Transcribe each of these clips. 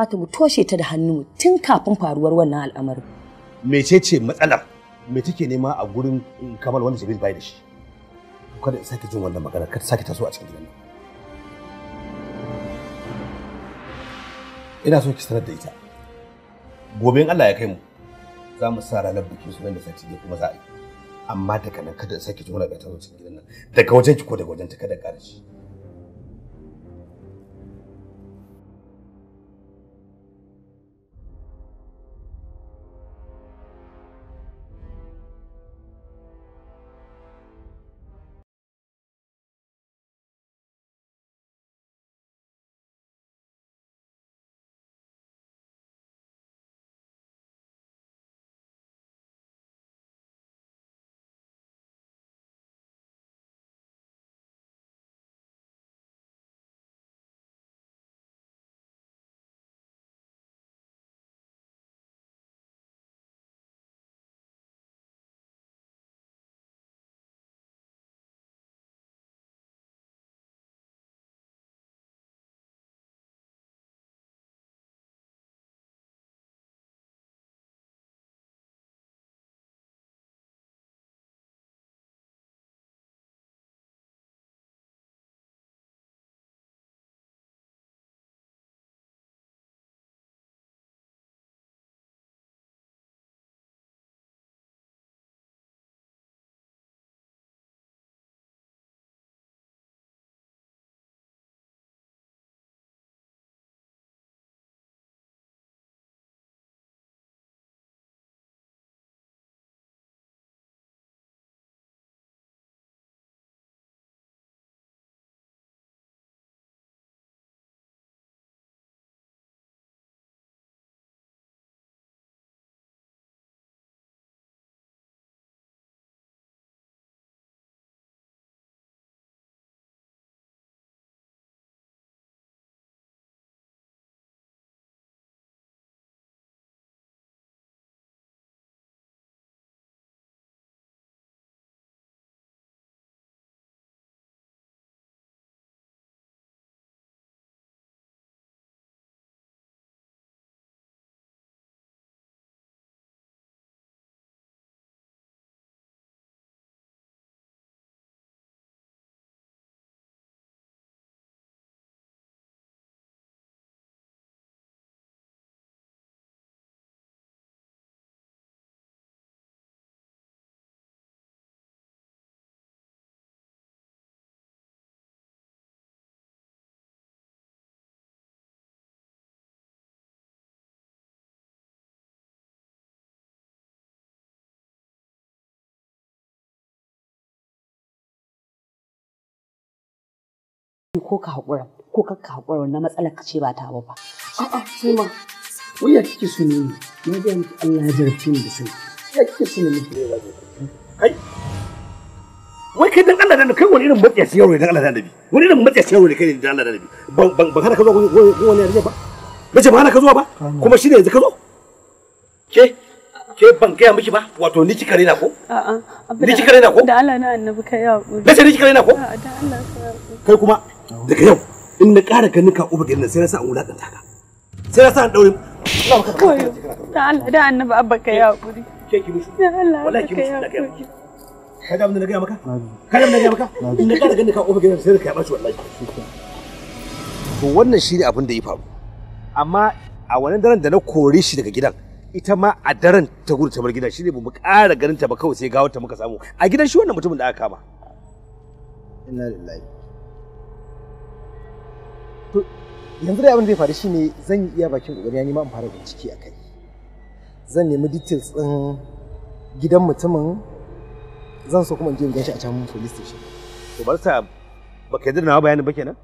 kamata mu toshe ta da hannu tun kafin faruwar wannan al'amarin. Mecece matsalar me take nema a gurin Kamal wanda Jibril bai da shi? Kada in sake jin wannan magana, kada sake taso a cikin gidan Ina so ki sanar da ita. Gobe in Allah ya kai mu za mu sa ranar bikin sunan da sati ne kuma za a yi. Amma daga nan kada in sake jin wannan magana cikin gidan nan. Daga wajen ki ko daga wajen ta kada ƙara shi. to ko ka haƙura ko ka ka haƙura wannan matsalar ka ce ba ta ba. A'a sai ma wuya kike so ne ni na ga miki Allah ya jarfi ni da sai ya kike so ne miki rayuwa kai wai kai dan Allah da kai wani irin matsiyaci yaro dan Allah da nabi wani irin matsiyaci yaro ne kai dan Allah da nabi ban ban ban hana ka zo wani yarje ba nace ba hana ka zo ba kuma shi ne yanzu ka zo ke ke ban gaya miki ba wato ni kika rena ko a'a ni kika rena ko da Allah na annabi kai ya nace ni kika rena ko da Allah kai kuma daga yau in na ƙara ganin ka uba gidan sai na sa an wulaƙanta ka sai na sa an ɗaure da Allah da annabi abba ka yi haƙuri ke ki mushi wallahi ki mushi ka da abin da na gaya maka kada da da na gaya maka in na ƙara ganin ka uba gidan sai ka bashi wallahi to wannan shine abin da ya faru amma a wannan daren da na kore shi daga gidan ita ma a daren ta gudu ta bar gidan shine ba mu ƙara ganin ta ba kawai sai gawar ta muka samu a gidan shi wannan mutumin da aka kama inna lillahi to yanzu dai abin da ya faru shine zan yi iya bakin kokari ya nima in fara bincike a kai zan nemi details din gidan mutumin zan so kuma in je in gashi a can police station to ba ka yarda da bayanin ba kenan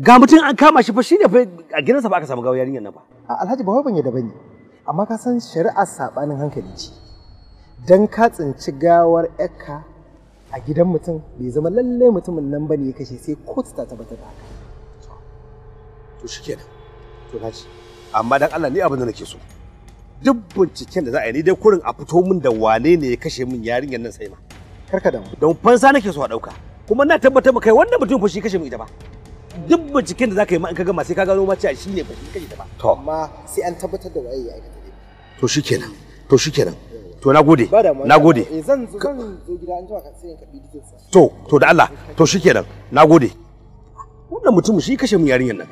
ga mutum an kama shi fa shine fa a gidansa ba aka samu gawo yarinyar nan ba alhaji ba wai ban yarda bane amma ka san shari'a sabanin hankali ce dan ka tsinci gawar yakka a gidan mutum bai zama lalle mutumin nan bane ya kashe sai kotu ta tabbatar da haka to shikenan to kaji amma dan Allah ni abin da nake so duk binciken da za a yi ni dai kurin a fito min da wane ne ya kashe min yarinyar nan sai ma karka da don fansa nake so a dauka kuma na tabbatar maka kai wannan mutum fa shi kashe min ita ba duk binciken da za ka yi ma in ka gama sai ka gano ma cewa shi ne fa shi kashe ta ba to amma sai an tabbatar da waye ya aikata ne to shikenan to shikenan to na gode na gode eh, zan zo gida an tawa ka sai ka bi to to da Allah to shikenan na gode wannan mutum shi kashe min yarinyar nan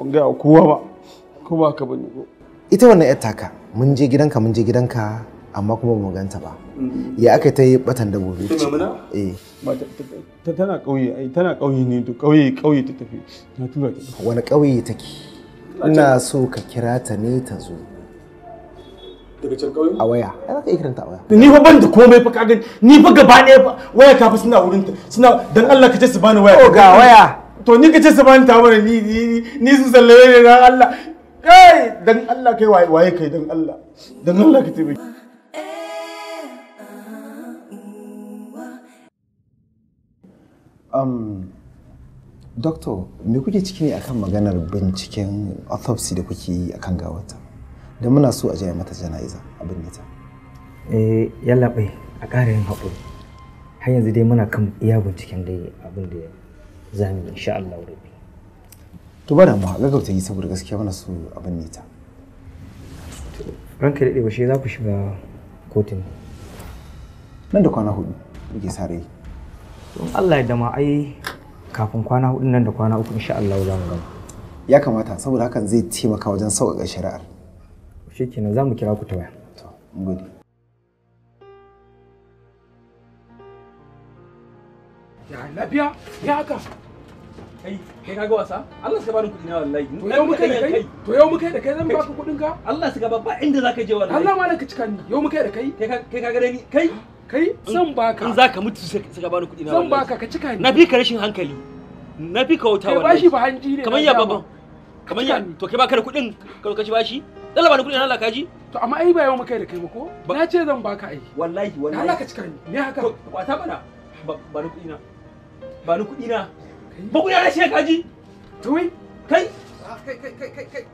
ban gaya kowa ba ko ba haka bane ko ita wannan yar taka mun je gidanka mun je gidanka amma kuma ba mu ganta ba mm-hmm. ya aka ta yi batan gobe ce eh ta tana kauye ai tana kauye ne to kauye kauye ta tafi na tura ta wani kauye take ina so ka kira ta ne ta zo daga can kauye a waya ai za ka a waya ni fa ban da komai fa gani ni fa gaba ɗaya fa waya ta fa suna wurin ta suna dan Allah ka ce su bani waya oh, ga waya to ni kace su bani ni ni ni su sallame ne dan Allah kai dan Allah kai waye waye kai dan Allah dan Allah ka tabe um doctor me kuke ciki ne akan maganar binciken autopsy da kuke yi akan gawarta da muna so a je mata jana'iza abin ta eh bai a ƙara yin haƙuri har yanzu dai muna kan iya binciken dai abin da ya zamu insha Allah rabbi to ba da mu ga gauta yi saboda gaskiya mana so abin ne ta ranka daɗe shi za ku shiga kotun nan da kwana hudu muke sa rai don Allah ya dama ai kafin kwana hudu nan da kwana uku insha Allah za mu gama ya kamata saboda hakan zai taimaka wajen sauƙaƙa shari'ar shikenan za mu kira ku ta waya to mun gode ya lafiya ya haka kai kai kaga wasa Allah ya bani kuɗi na wallahi to yau muka da kai to yau muka da kai zan baka kuɗin ka Allah suka babba inda zaka je wallahi Allah malan ka cika ni yau muka da kai kai kaga ni kai kai zan baka in zaka mutu suka bani kuɗi na zan baka ka cika ni na fi ka rashin hankali na fi ka wuta wallahi bashi ba hanji ne kamar ya babban kamar ya to kai baka da kuɗin ka lokaci bashi dala bani kuɗi na Allah kaji to amma ai ba yau muka da kai ba ko na ce zan baka ai wallahi wallahi Allah ka cika ni ne haka wata bana bani kuɗi na ba ni kuɗi na ba kuɗi na shi kaji tuwi ah, kai kai kai kai kai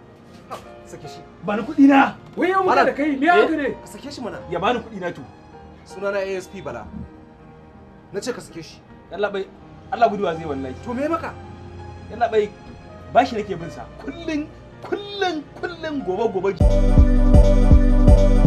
sake shi ba ni kuɗi na wai yau da kai me haka ne eh, ka sake shi mana ya bani kuɗi na to sunana ASP bala na ce ka sake shi yalla bai Allah guduwa zai wallahi to me maka yalla bai bashi nake bin sa kullun kullun kullun gobe gobe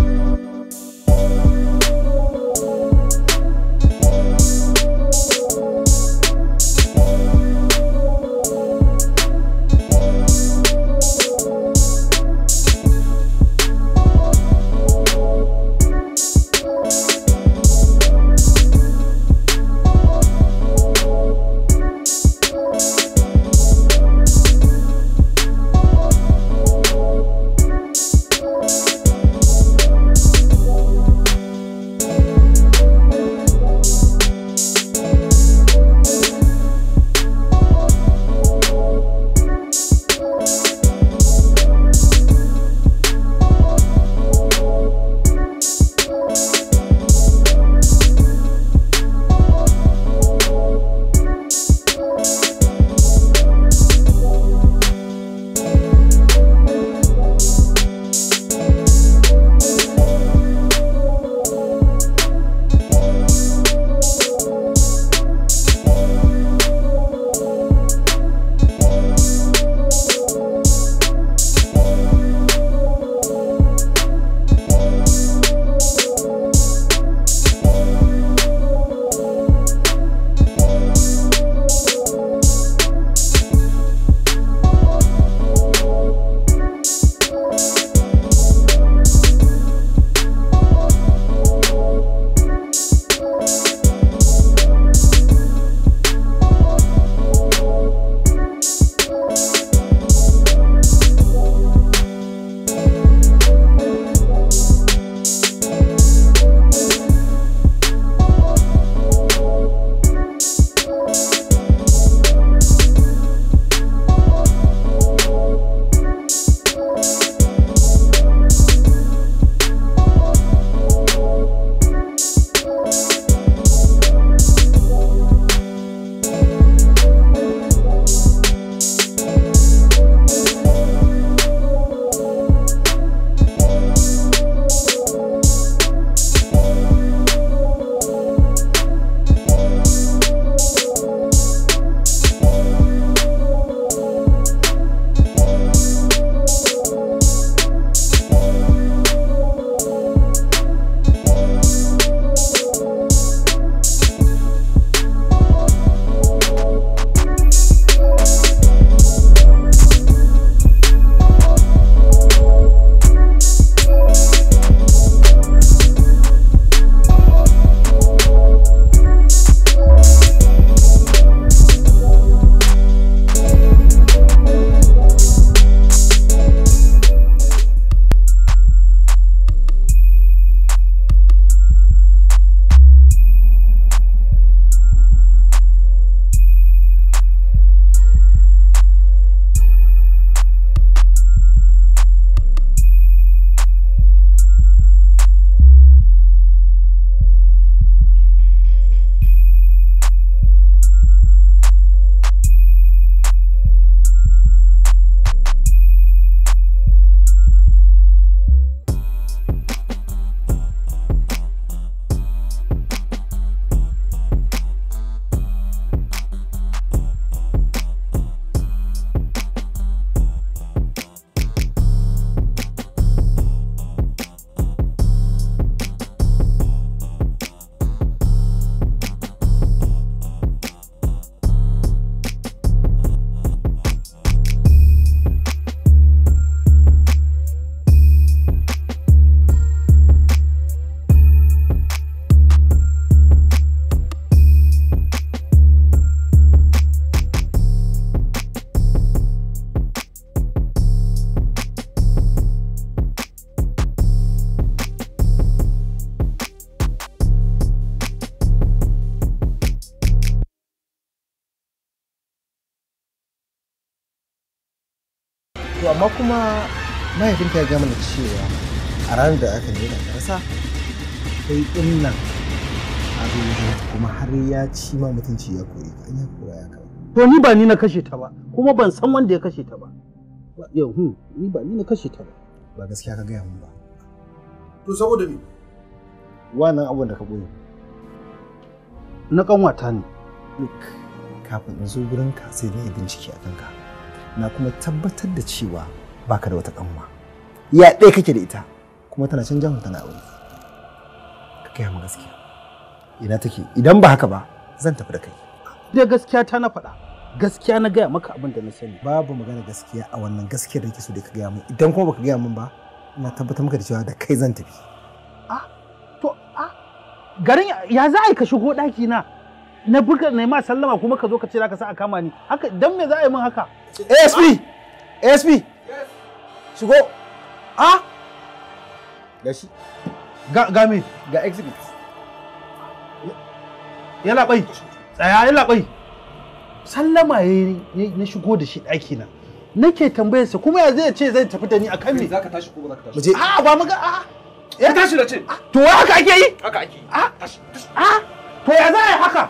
amma kuma mahaifinta ya gama da cewa a ranar da aka nemi karsa kai ɗin nan a kuma har ya ci ma mutunci ya koyi ka ya koya ya kawo. to ni ba ni na kashe ta ba kuma ban san wanda ya kashe ta ba yahu hmm, ni ba ni na kashe ta ba ba gaskiya ka gaya mun ba to saboda me wannan abun da ka goyi na kanwata ne kafin in zo gurinka sai na yi bincike a kanka na kuma tabbatar da cewa baka da wata kanwa ya ɗaya kake da ita kuma tana can jihar tana aure ka kai mu gaskiya ina take idan ba haka ba zan tafi da kai da gaskiya ta na faɗa gaskiya na gaya maka abin da na sani babu magana gaskiya a wannan gaskiyar da ke so da ka gaya min idan kuma baka gaya min ba ina tabbatar maka da cewa da kai zan tafi ah to ah garin ya za a yi ka shigo ɗaki na na buga na ma sallama kuma ka zo ka ce zaka sa a kama ni haka dan me za a yi min haka asp asp shigo a ga shi ga ga me ga exhibit yana bai tsaya yana bai sallama yayi na shigo da shi daki na nake tambayarsa kuma ya zai ce zai tafi da ni a kan me zaka tashi ko ba zaka tashi a ba maga a ya tashi da ce to haka ake yi haka ake yi a to ya za haka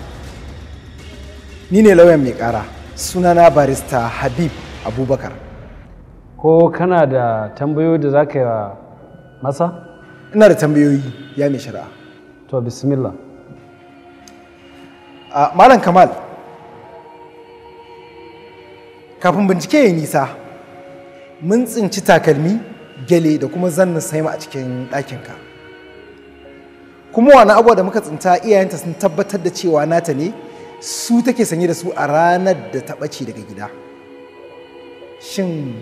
ni ne lauyan mai kara sunana barista habib abubakar ko kana da tambayoyi da za ka yi masa ina da tambayoyi ya mai shari'a to bismillah uh, malam kamal kafin bincike ya nisa mun tsinci takalmi gele da kuma zannin saima a cikin ɗakinka kuma wani abuwa da muka tsinta iyayenta sun tabbatar da cewa nata ne su take sanye da su a ranar da ta ɓace daga gida shin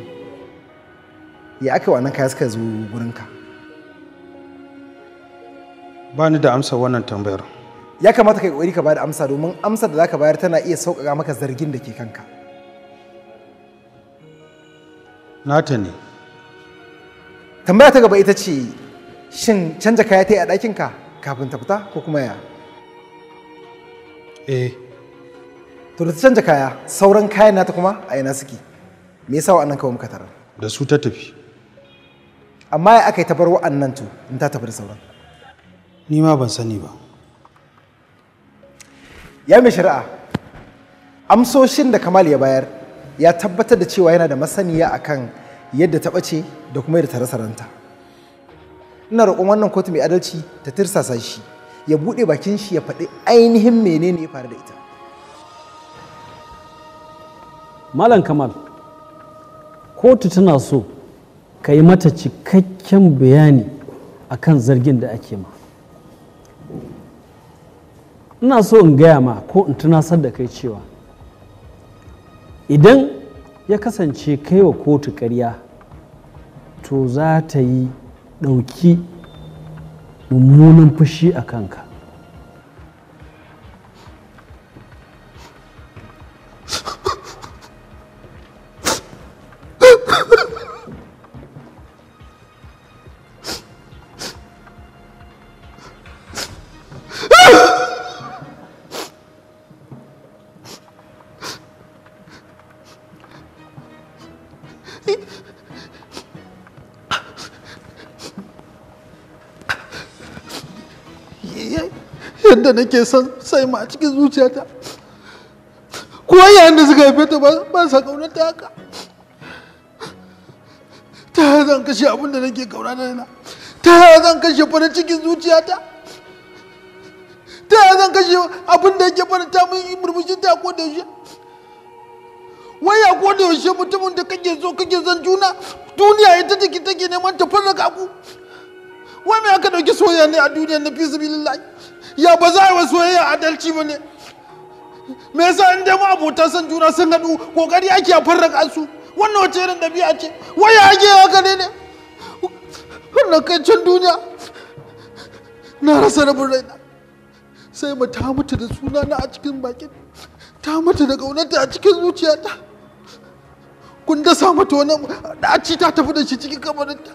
ya aka wannan kaya suka zo gurinka ba ni da amsa wannan tambayar ya kamata kai kokari ka ba da amsa domin amsa da za ka bayar tana iya sauƙaƙa maka zargin da ke kanka nata ne tambaya ta gaba ita ce shin canja kaya ta yi a ɗakinka kafin ta fita ko kuma ya eh to da ta canza kaya sauran kayan nata kuma a ina suke me yasa wa'annan kawai muka tarar da su ta tafi amma ya aka yi ta wa'annan to in ta tafi da sauran ni ma ban sani ba ya mai shari'a amsoshin da kamal ya bayar ya tabbatar da cewa yana da masaniya akan yadda ta ɓace da kuma yadda ta rasa ranta ina roƙon wannan kotu mai adalci ta tirsasa shi ya buɗe bakin shi ya faɗi ainihin menene ya faru da ita malam kamal kotu tana so ka yi mata cikakken bayani akan zargin da ake ma ina so in gaya ma ko in tunasar da kai cewa idan ya kasance kai wa kotu karya to za ta yi ɗauki mummunan fushi a kanka yadda nake son sai ma a cikin zuciyata kuwa yayin da suka haife ta ba sa kauna ta haka ta yaya zan kashe abin da nake kauna da na ta yaya zan kashe fara cikin zuciyata ta yaya zan kashe abin da yake ta min murmushin ta ko da yaushe waya ko da yaushe mutumin da kake so kake son juna duniya ita take take neman ta ka ku wai me aka dauki soyayya ne a duniyar na fi sabilillahi ya ba za a yi wa soyayya adalci ba ne me yasa in dai mu abota san juna sun haɗu kokari ake a farraka su wannan wace irin ɗabi'a ce wai ya ake haka ne ne wannan kai can duniya na rasa rabin raina sai mu ta mutu da sunana a cikin bakin ta mutu da gaunata a cikin zuciyata kun dasa mata wani ɗaci ta tafi da shi cikin kamarinta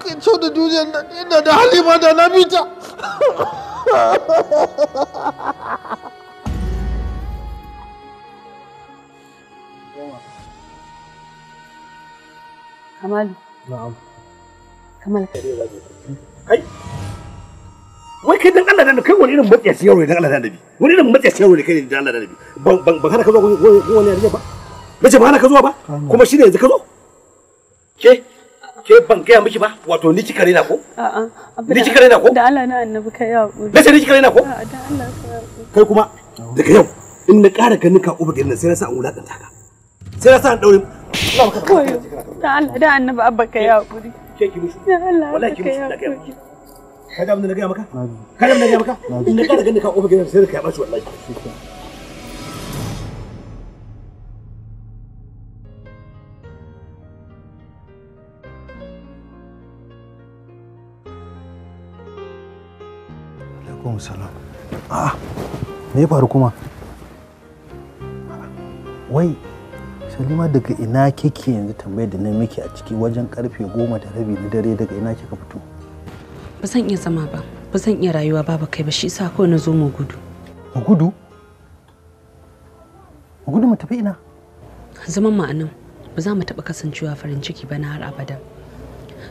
kai so da duniyar nan inda da halima da na mita Kamalu. Na'am. Kamal. Kai. Wai kai dan Allah dan kai wani irin matsiya siyar ne dan Allah dan Nabi. Wani irin matsiya siyar ne kai dan Allah dan Nabi. Ban ban ban hana ka zo wani yarinya ba. Bace ba hana ka zo ba. Kuma shine yanzu ka zo. Ke ke ban gaya miki ba wato ni kika rena ko a'a ni kika rena ko da Allah na annabi kai hakuri sai ni kika rena ko a'a da Allah kai kuma daga yau in na ƙara gani ka uba gidan sai na sa an wulakanta ka sai na sa an daure da Allah da annabi abba kai hakuri ke ki mushi wallahi ki mushi daga yau kada mun na gaya maka kada mun na gaya maka in na ƙara ganin ka uba gidan sai ka shi wallahi alaikum salam ah me ya faru kuma wai salima daga ina kike yanzu tambayar da na miki a ciki wajen karfe goma da rabi na dare daga ina kika fito ba zan iya zama ba ba zan iya rayuwa ba kai ba shi yasa kawai na zo mu gudu mu gudu mu gudu mu tafi ina zaman ma'anin anan ba za mu taɓa kasancewa farin ciki ba na har abada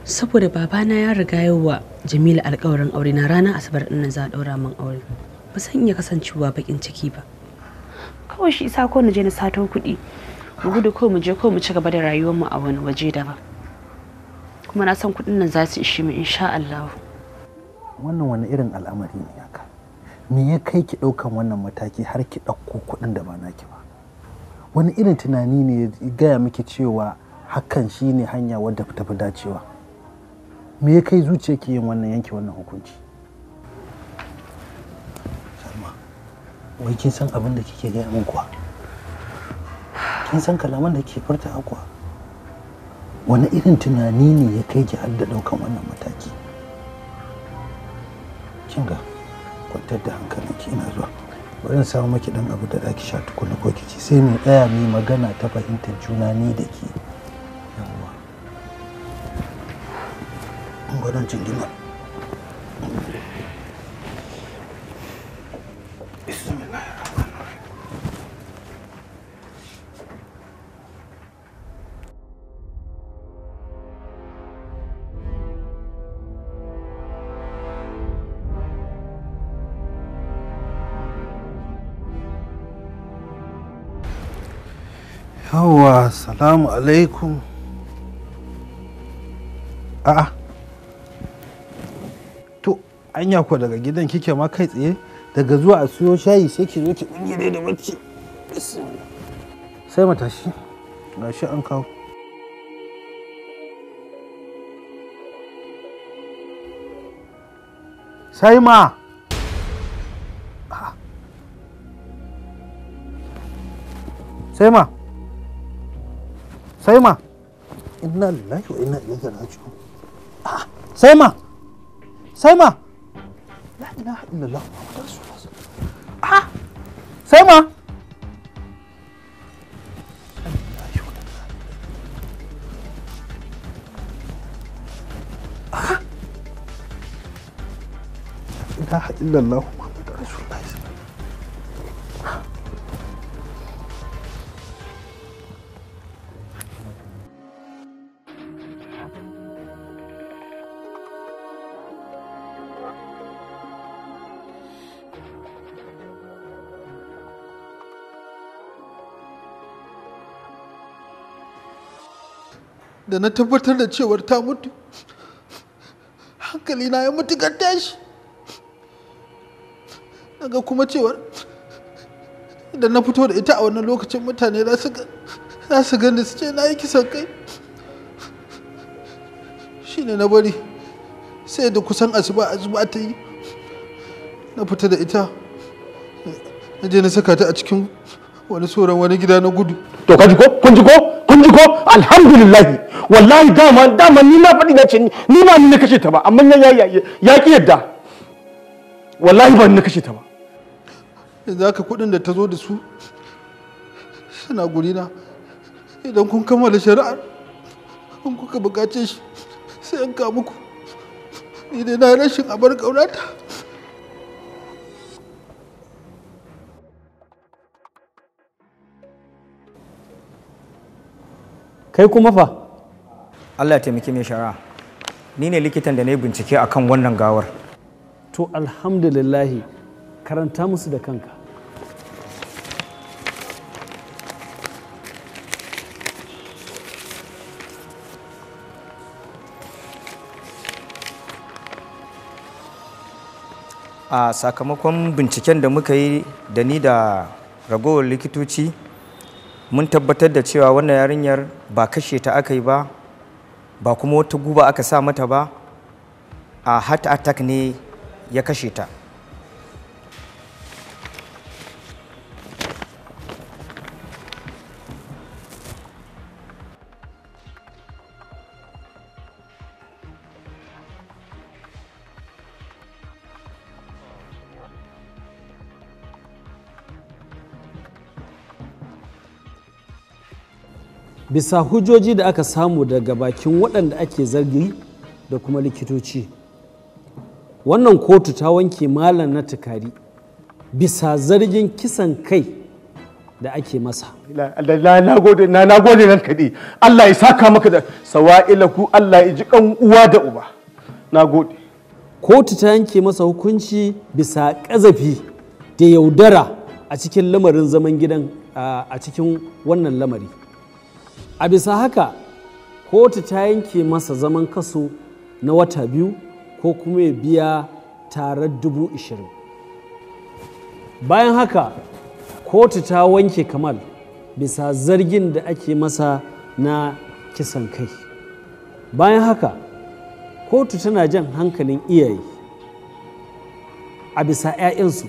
saboda babana ya riga yawa Jamilu alkawarin aure na rana asabar din nan za a daura min aure ba san iya kasancewa bakin ciki ba kawai shi isa ko na je na sato kuɗi mu gudu ko mu je ko mu ci gaba da rayuwar mu a wani waje daban kuma na san kuɗin nan za su ishe mu insha Allah wannan wani irin al'amari ne haka me ya kai ki ɗaukan wannan mataki har ki ɗauko kuɗin da ba naki ba wani irin tunani ne ya gaya miki cewa hakan shine hanya wadda ta fi dacewa me ya kai zuciya ke yin wannan yanke wannan hukunci salma wai kin san abin da kike gaya min kuwa kin san kalaman da ke furta akwa wani irin tunani ne ya kai ki har da ɗaukan wannan mataki kin ga kwantar da ki ina zuwa bari zan samu maki dan abu da zaki sha tukuna ko kici sai mu tsaya mu magana ta fahimtar juna ni da ke gwanon cingina yawwa salamu alaikum a'a anya ko daga gidan kike ma kai tsaye daga zuwa a suyo shayi sai ki zo ki dai da barci. sai matashi gashi an kawo sai ma sai ma sai ma inna lillahi wa inna ilaihi raji'un sai ma sai ma ilaha illallah muhammadu rasulullah ah sai ma ilaha illallah na tabbatar da cewar ta mutu hankali na ya mutukar tashi daga kuma cewar da na fito da ita a wannan lokacin mutane za su gani su ce na yi kisan kai shi ne na bari sai da kusan asuba asuba ta yi na fita da ita na je na saka ta a cikin wani tsoron wani gida na gudu to kaji ko kun ji ko kun ji ko alhamdulillah wallahi dama dama ni na faɗi na ce ni ba ni na kashe ta ba amma ya ya ki yadda wallahi ba ni na kashe ta ba yanzu haka kuɗin da ta zo da su suna na idan kun kammala shari'ar in kuka buƙace shi sai an ka muku ni dai na rashin abar ƙaunata kai kuma fa Allah ya taimaki mai shara ni ne likitan da na yi bincike a kan wannan gawar to alhamdulillahi karanta musu da kanka a sakamakon binciken da muka yi da ni da ragowar likitoci mun tabbatar da cewa wannan yarinyar ba kashe ta aka yi ba ba kuma wata guba aka sa mata ba a heart attack ne ya kashe ta bisa hujjoji da aka samu daga bakin waɗanda ake zargi da kuma likitoci wannan kotu ta wanke malam na tukari bisa zargin kisan kai da ake masa na nagode nan kaɗi allah ya saka maka da sawa'ilaku allah ya ji kan uwa da uba na gode kotu ta yanke masa hukunci bisa ƙazafi da yaudara a cikin lamarin zaman gidan a cikin wannan lamari a bisa haka kotu ta yanke masa zaman kaso na wata biyu ko kuma ya biya tare dubu ishirin bayan haka kotu ta wanke kamal bisa zargin da ake masa na kisan kai bayan haka kotu tana jan hankalin iyaye a bisa 'ya'yansu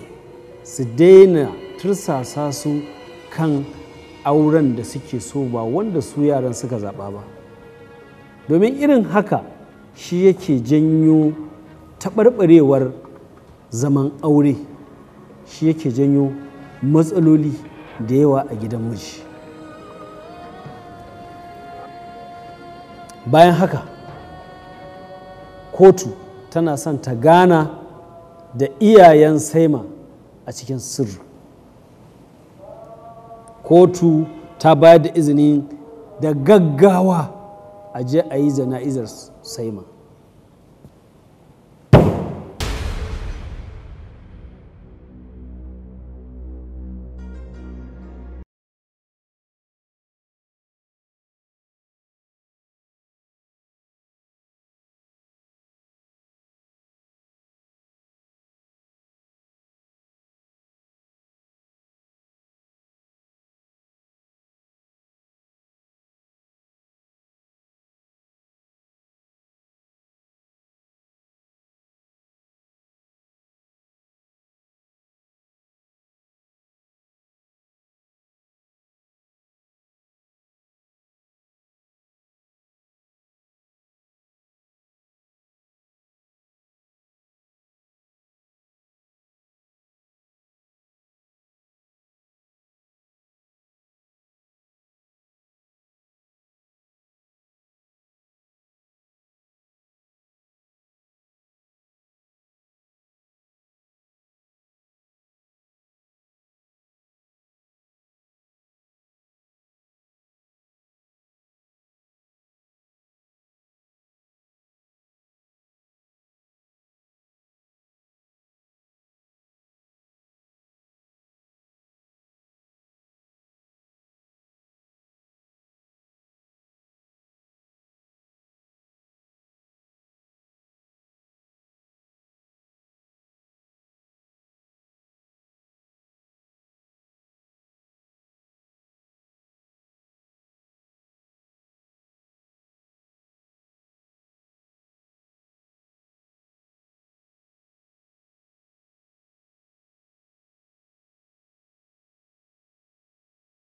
su daina tursasa su kan auren da suke so ba wanda su yaran suka zaɓa ba domin irin haka shi yake janyo taɓarɓarewar zaman aure shi yake janyo matsaloli da yawa a gidan miji bayan haka kotu tana son ta gana da iyayen saima a cikin sirri kotu ta bayar da izinin da gaggawa a je a yi zana'izar saiman